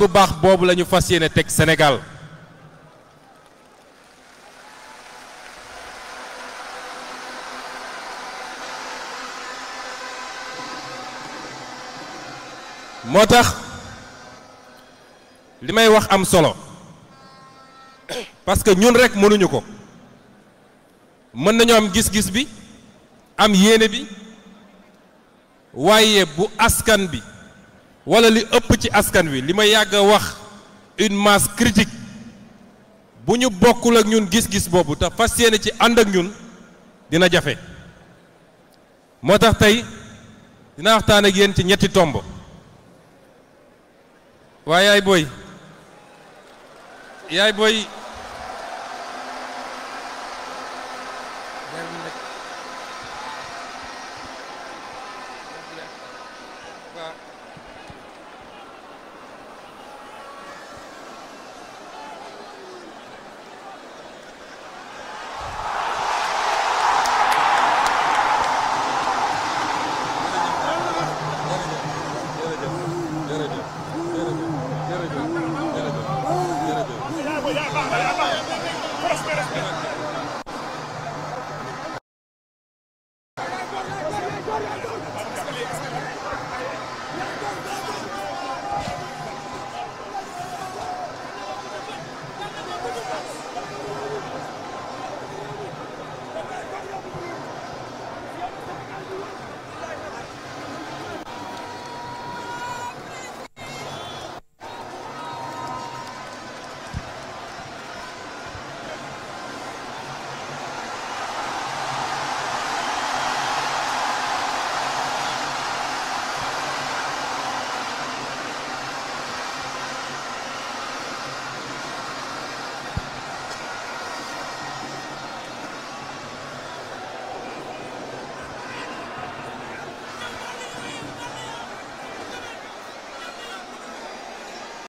yoon baax boobu la fas yéene teg Sénégal moo tax li may wax am solo parce que ñun rek mënuñu ko mën nañu am gis-gis bi am yéene bi waaye bu askan bi wala li ëpp ci askan wi li ma yàgg a wax une masse critique bu ñu bokkul ak ñun gis-gis boobu te fas yéene ci ànd ak ñun dina jafe moo tax tey dina waxtaan ak yéen ci ñetti tomb waaye yaay booy yaay booy waaw